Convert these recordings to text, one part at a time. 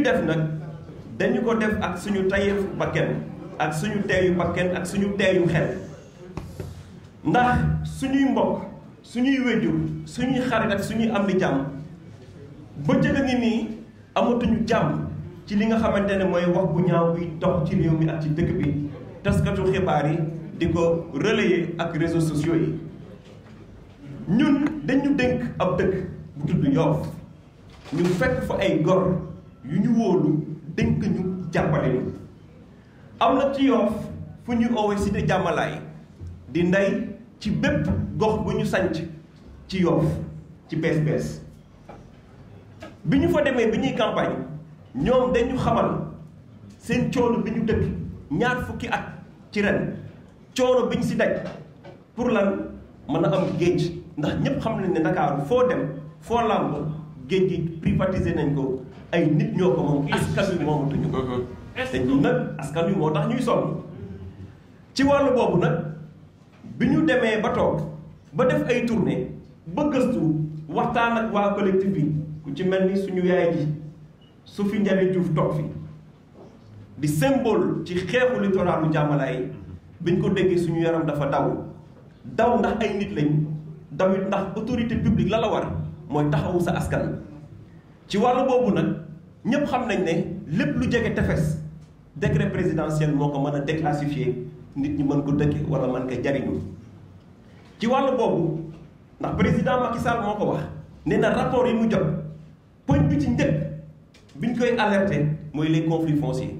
ñuy def nag dañu ko def ak suñu tayeefu bakken ak suñu teeyu bakken ak suñu teeyu xel ndax suñuy mbokk suñuy wéjur suñuy xarit ak suñuy am di jàmm ba a ngi nii amatuñu jàmm ci li nga xamante ne mooy wax bu ñaaw buy dox ci réew mi ak ci dëkk bi taskatu xibaar yi di ko relayer ak réseaux sociaux yi ñun dañu dénk ab dëkk bu tudd Yoff ñu fekk fa ay gor yu ñu wóolu dénk ñu jàppale ñu am na ci yoof fu ñu oowee cité jàmmalaay di ndey ci bépp gox bu ñu sanc ci yoof ci bees bees bi ñu fa demee bi ñuy campagne ñoom dañu xamal seen coolu bi ñu dëkk ñaar fukki at ci ren coono bi ñu si daj pour lan mën a am géej ndax ñépp xam nañ ne Ndakaaru foo dem foo làmb géej gi privatisé nañ ko ay nit ñoo ko moom askan wi moomatuñu ko te ñun nag askan wi moo tax ñuy sonn ci wàll boobu nag bi ñu demee ba toog ba def ay tournée ba gëstu waxtaan ak waa collectif bi ku ci mel ni suñu yaay ji su fi njari Diouf toog fi di symbole ci xeexu littoralu jàmmalaay biñ ko déggee suñu yaram dafa daw daw ndax ay nit lañ dawit ndax autorité publique la la war mooy taxawu sa askan ci wàll boobu nag ñépp xam nañ ne lépp lu jege tefes décret présidentiel moo ko mën a déclassifier nit ñi mën ko dëkke wala man ko jariñu ci wàll boobu ndax président Macky Sall moo ko wax nee na rapport yi mu jot poñ bi ci njëkk biñ koy alerter mooy les conflits fonciers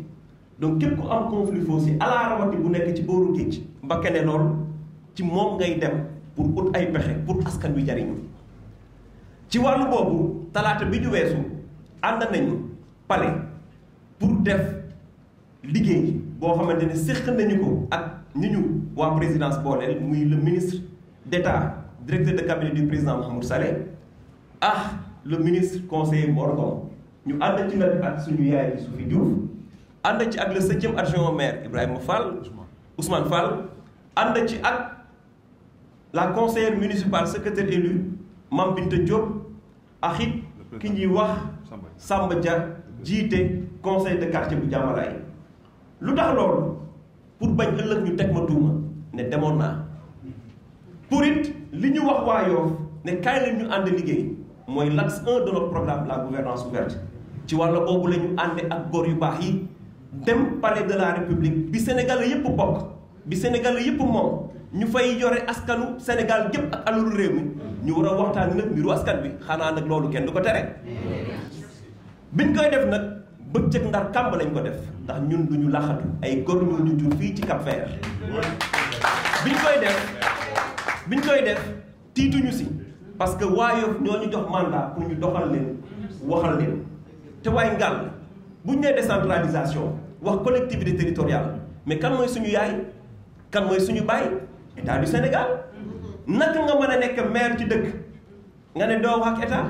donc képp ku am conflit foncier ala rawati bu nekk ci booru géej ba kene lool ci moom ngay dem pour ut ay pexe pour askan wi jariñu ci wàllu boobu talaata bi ñu weesu ànd nañu palais pour def liggéey boo xamante ne séq nañu ko ak ñu ñu waa présidence booleel muy le ministre d'État directeur de cabinet du président Mahmoud Saleh ah le ministre conseiller Mor ñu ànd ci la ak suñu yaay bi Soufi Diouf ànd ci ak le septième adjoint au maire Ibrahima Fall Ousmane Fall ànd ci ak la conseillère municipale secrétaire élu Mame Binta Diop ak it ki ñuy wax Samba Dia jiite conseil de quartier bu Jàmbalaay lu tax loolu pour bañ ëllëg ñu teg ma tuuma ne demoon naa pour it li ñu wax waa Yoff ne kaay ñu ànd liggéey mooy l'axe 1 de notre programme la gouvernance ouverte ci wàll boobu la ñu ànde ak góor yu baax yi dem palais de la république bi Sénégalais yépp bokk bi Sénégalais yépp moom ñu fay yore askanu Sénégal gépp ak alalu réew mi ñu war a waxtaan nag mbiru askan bi xanaa nag loolu kenn du ko tere biñ koy def nag bëccëg ndar kàmb lañ ko def ndax ñun duñu laxatu ay góor ñoo ñu jur fii ci Cap Vert biñ koy def biñ koy tiituñu si parce que waa Yoff ñoo ñu jox mandat pour ñu doxal leen waxal leen te waaye ngàll buñ nee décentralisation wax collectivité territoriale mais kan mooy suñu yaay kan mooy suñu baay état du Sénégal naka nga mën a nekk maire ci dëkk nga ne doo wax ak état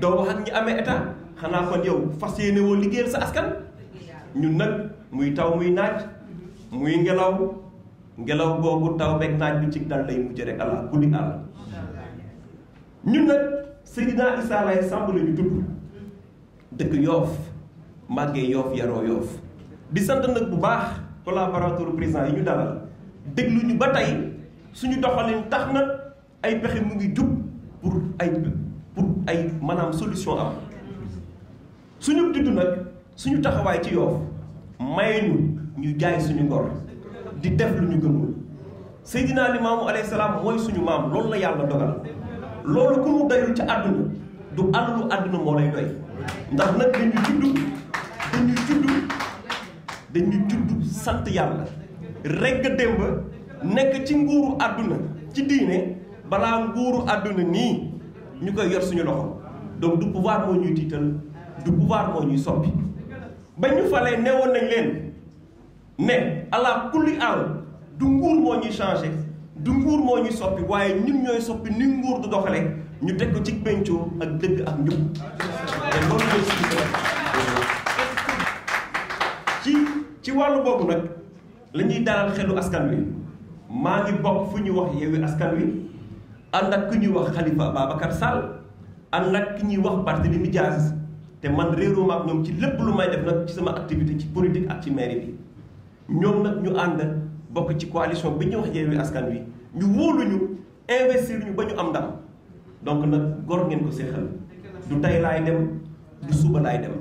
doo wax ak ñi amee état xanaa kon yow fas yéene woo liggéeyal sa askan ñun nag muy taw muy naaj muy ngelaw ngelaw boobu taw beeg naaj bi ci dal lay mujj rek allah kulli àll ñun nag Seydina Issa Laye Samb la ñu tudd dëkk yoof màggee yoof yaroo yoof di sant nag bu baax collaborateur président yi ñu dalal déglu ñu ba tey suñu doxalin tax na ay pexe mu ngi jub pour ay pour ay maanaam solution am suñu dudd nag suñu taxawaay ci Yoff may ñu ñu jaay suñu ngor di def lu ñu gëmul Seydina Limaamu alayhi salaam mooy suñu maam loolu la yàlla dogal loolu ku mu doyul ci àdduna du alalu àdduna moo lay doy ndax nag dañu judd dañu judd dañu judd sant yàlla regg démb nekk ci nguuru àdduna ci diine balaa nguuru àdduna nii ñu koy yor suñu loxo donc du pouvoir moo ñuy tiital du pouvoir moo ñuy soppi ba ñu falee newoon nañ leen ne ala kulli àll du nguur moo ñuy changé du nguur moo ñuy soppi waaye ñun ñooy soppi ni nguur du doxale ñu teg ko ci pencoo ak dëgg ak njub ci ci wàllu boobu nag la ñuy dalal xelu askan wi maa ngi bokk fu ñuy wax Yewwi Askan Wi ànd ak ku ñuy wax Khalifa Babacar Sall ànd ak ki ñuy wax Barthélémy Dias te man réeroo ak ñoom ci lépp lu may def nag ci sama activité ci politique ak ci mairie bi ñoom nag ñu ànd bokk ci coalition bi ñuy wax Yewwi Askan Wi ñu wóoluñu investir ñu ba ñu am ndam donc nag gor ngeen ko seexal du tey laay dem du suba laay dem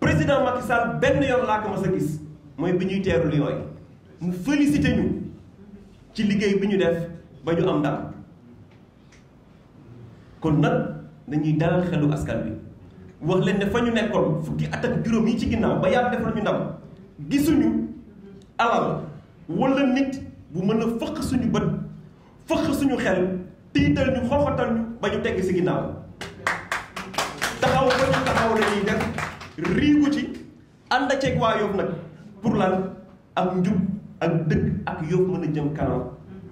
président Macky Sall benn yoon laa ko mas a gis mooy bi ñuy teeru Lions yi mu félicité ñu ci liggéey bi ñu def ba ñu am ndam kon nag dañuy dalal xelu askan bi wax leen ne fa ñu nekkoon fukki at ak juróom yi ci ginnaaw ba yàlla defal ñu ndam gisuñu alal wala nit bu mën a fëq suñu bët fëq suñu xel tiital ñu xooxatal ñu ba ñu tegg si ginnaaw taxaw ba ñu taxaw lañuy def riigu ci ànd ceeg waa Yoff nag pour lan ak njub ak dëkk ak Yoff mën a jëm kanam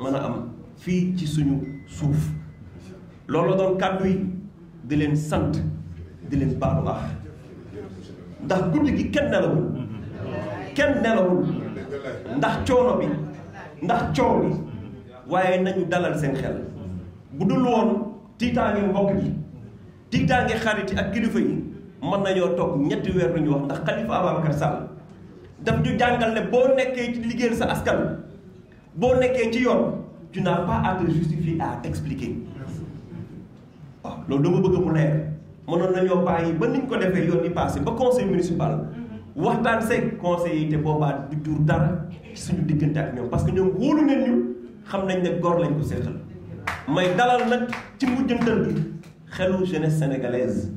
mën a am fii ci suñu suuf loolu doon kàddu yi di leen sant di leen baalu baax ndax guddi gi kenn nelawul kenn nelawul ndax coono bi ndax coow bi waaye nañu dalal seen xel bu dul woon tiitaange mbokk ji tiitaange xarit yi ak kilifa yi mën nañoo toog ñetti weer lu ñu wax ndax Khalifa Ababacar daf ñu jàngal ne boo nekkee ci liggéeyal sa askan boo nekkee ci yoon tu n'as pas à te justifier à t'expliquer waaw loolu dama bëgg mu leer mënoon nañoo bàyyi ba niñ ko defee yoon yi passé ba conseil municipal waxtaan seeg conseil yi te boobaa du jur dara suñu diggante ak ñoom parce que ñoom wóolu nañ ñu xam nañ ne góor lañ ko seqal may dalal nag ci mujjantal bi xelu jeunesse sénégalaise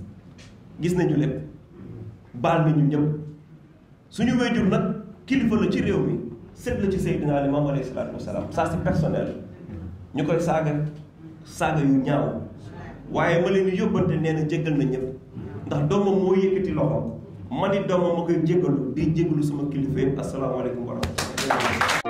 gis nañu lépp baal nañu ñëpp. suñu wéyjur nag kilifa la ci réew mi seet ci Seydina Limaamu alayhi salaatu wasalaam ça personnel ñu koy saaga saaga yu ñaaw waaye ma leen yóbbante nee na jéggal na ñëpp ndax doomam moo yëkkati loxo ma ni doomam ma koy jéggalu di jéggalu sama kilifa yëpp asalaamaaleykum wa